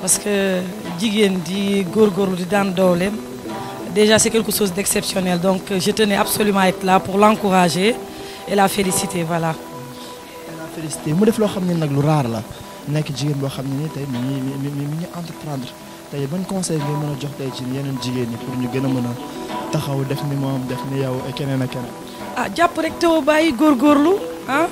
parce que jigéen di góorgóorlu di daan dooleem déjà c'est quelque chose d'exceptionnel donc je tenais absolument à être là pour l'encourager et la féliciter voilà. la féliciter mu def loo xam ne nag lu raar la nekk jigéen boo xam ne nii tey mi ngi mi entreprendre tey ban conseil ngay mën a jox tey ci yeneen jigéen ñi pour ñu gën a mën a taxaw def ni moom def ni yow ak keneen ak keneen. ah jàpp rek te bàyyi góorgóorlu ah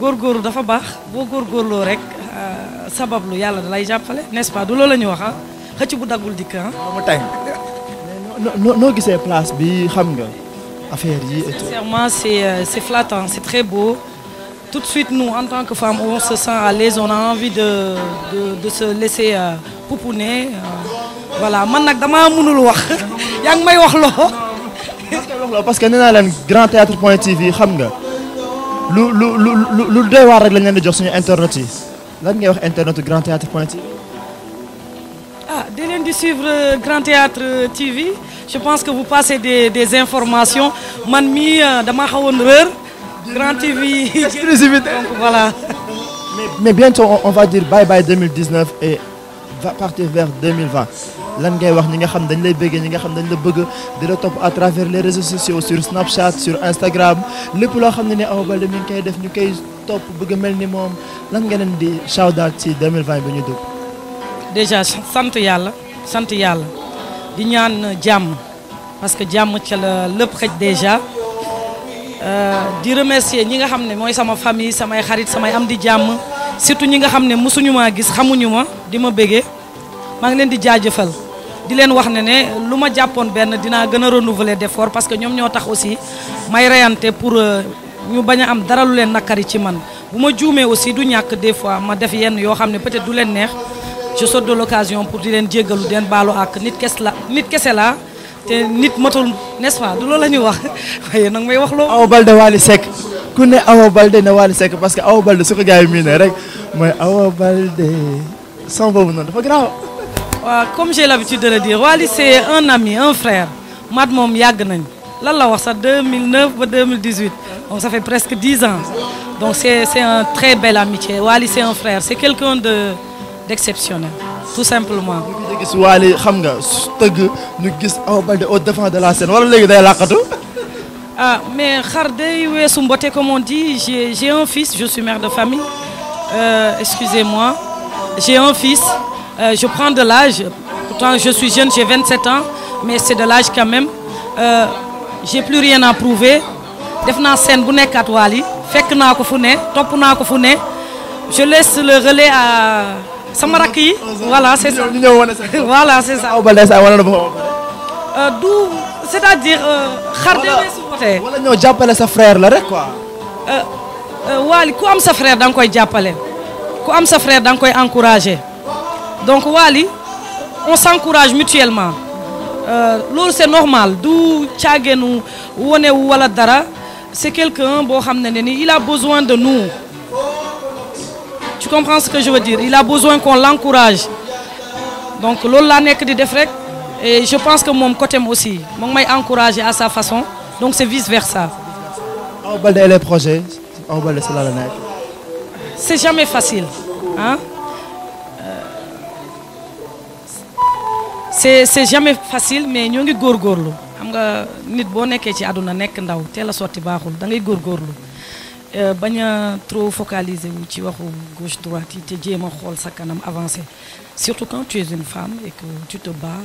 góorgóorlu dafa baax bo góorgóorloo rek. Euh, sabablu yàlla da lay jàppale n'est-ce pas du loolu la wax ha ah. xëcc bu daggul dikk ah. mu tànk noo noo gisee place bi xam nga affaire yi. sincèrement c'est euh, c'est flattant c'est très beau tout de suite nous en tant que femmes on se sent à l'aise on a envie de de de se laisser euh, pouponner voilà man nak dama mënul wax yaa ngi may wax loo. parce que nee naa leen grand théâtre point tv xam nga lu lu lu lu doy war rek lañ leen di jox suñu internet yi lan ngay wax internet Grand Théâtre TV. ah dès de suivre euh, Grand Théâtre euh, TV je pense que vous passez des des informations man de euh, dama xawoon rër. Grand TV exclusivité donc voilà. mais mais bientôt on va dire bye bye 2019 et va partir vers 2020 lan ngay wax ñi nga xam dañ lay bëgg ñi nga xam dañ la bëgg di la top à travers les réseaux sociaux sur Snapchat sur Instagram lépp loo xam ne ne Awa de mi ngi koy def ñu koy top bëgg mel ni moom lan nga leen di shout out ci 2020 bi ñu dugg. déjà sant yàlla sant yàlla di ñaan jàmm parce que jàmm ca la lépp xëj déjà euh, di remercier ñi nga xam ne mooy sama famille samay xarit samay am di jàmm surtout ñi nga xam ne mosuñu maa gis xamuñu ma di ma bëggee. mang leen di jaajeufal di leen wax ne ne luma japon ben dina gëna gën a renouveler d'effort parce que ñom ñoo tax aussi may rayanté pour euh, ñu baña am dara lu leen nakari ci man buma ma aussi du ñak des fois ma def yenn yo xamné peut-être du leen neex je saute de l'occasion pour di leen jéggalu di leen ak nit kess la nit kessé la té nit matul n'est-ce pas du lo la wax waye nak may wax lo aw Balde wali Seck ku ne aw Balde na wali Seck parce que aw Balde su ko gars yi rek moy aw Balde sans bobu non dafa garaaw. Euh, comme j'ai l'habitude de le dire Wali c'est un ami un frère Madame moom 2009 2018 ça fait presque 10 ans donc c'est un très belle amitié Wali c'est un frère c'est quelqu'un de d'exceptionnel tout simplement. mais comme on dit j'ai un fils je suis mère de famille euh, excusez-moi j'ai un fils. Euh, je prends de l'âge. Pourtant, je suis jeune, j'ai 27 ans, mais c'est de l'âge quand même. Euh, j'ai plus rien à prouver. Je scène je laisse le relais à Samaraki voilà c'est ça voilà c'est ça. Euh, c'est-à-dire garder les sa frère est rek quoi. frère frère donc Wali, on s'encourage mutuellement euh, L'eau c'est normal wala dara c'est quelqu'un qui il a besoin de nous tu comprends ce que je veux dire il a besoin qu'on l'encourage donc c'est l'a que di et je pense que mon côté aussi je m'encourage encouragé à sa façon donc c'est vice versa. On les projets On la c'est jamais facile hein? c'est c'est jamais facile mais ñoo ngi gorlu xam nga nit bo nekkee ci aduna nek ndaw té la sorti baaxul da ngay gorlu euh baña trop focaliser wu ci waxu gauche droite té te xol sa kanam avancer surtout quand tu es une femme et que tu te bats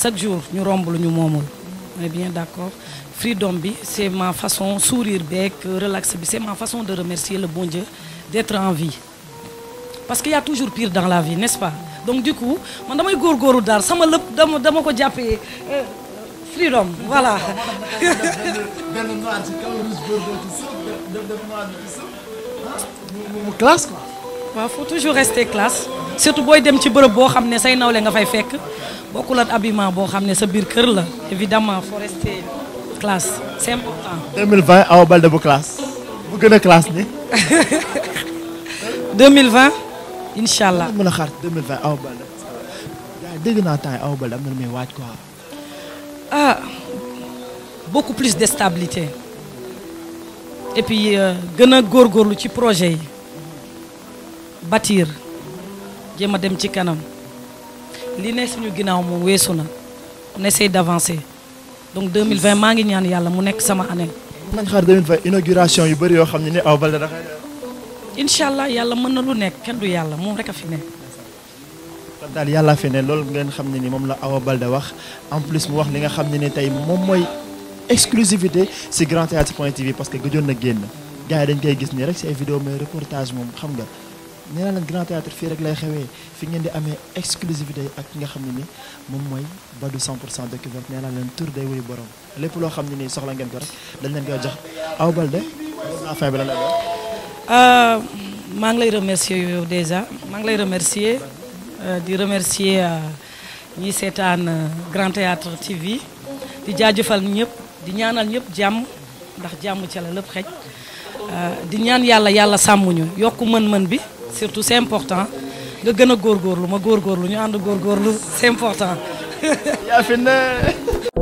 chaque jour ñu romb ñu on est bien d'accord freedom bi c'est ma façon sourire de relax bi c'est ma façon de remercier le bon Dieu d'être en vie parce qu'il y a toujours pire dans la vie n'est-ce pas donc du coup man damay góorgóoru me sama lépp dama dama ko jàppee euh, freedom voilà Il hein? faut toujours rester classe surtout booy dem ci bërëb boo tu ne sais say nawle nga fay fekk bokkul ak habillement boo tu ne sa biir kër la évidemment faut rester classe c'est important. 2020 Awa Baldé bu classe bu gën a classe ni 2020 incha allah mën a xaar 2020 Awa Baldé dégg naa temps yi Awa Baldé am ah beaucoup plus de stabilité et puis euh, gën a góorgóorlu ci projet bâtir jéem suis dem ci kanam li ne suñu on essaie d'avancer donc 2020 maa ngi ñaan yàlla mu nekk sama année. man xaar 2020 inauguration yu bëri yoo xam ne ni aw dafa. lu nekk du moom rek ne ngeen xam ni moom la wax en plus mu wax li nga xam ne ni moom mooy exclusivité si Grand Théâtre point TV parce que gëjoon na génn dañ koy gis ni rek si vidéo mais reportage moom xam nee naa grand théâtre fii rek lay xewee fi ngeen di amee exclusivité ak ki nga xam ne ni moom mooy Badou 100 pour cent découverte nee naa leen tour day wuy borom lépp loo xam ne nii soxla ngeen ko rek dañ leen koy jox aw Awa Baldé affaire bi la lay euh, maa ngi lay remercier yow déjà maa ngi lay remercier euh, di remercier euh, ñi seetaan Grand Théâtre TV di jaajëfal ñëpp di ñaanal ñëpp jàmm ndax jàmm ci la lépp xej di ñaan yàlla yàlla sàmm ñu yokk mën-mën bi surtout c'est important nga gën a lu ma góorgóorlu ñu ànd góorgóorlu c'est important. yaa fi ne.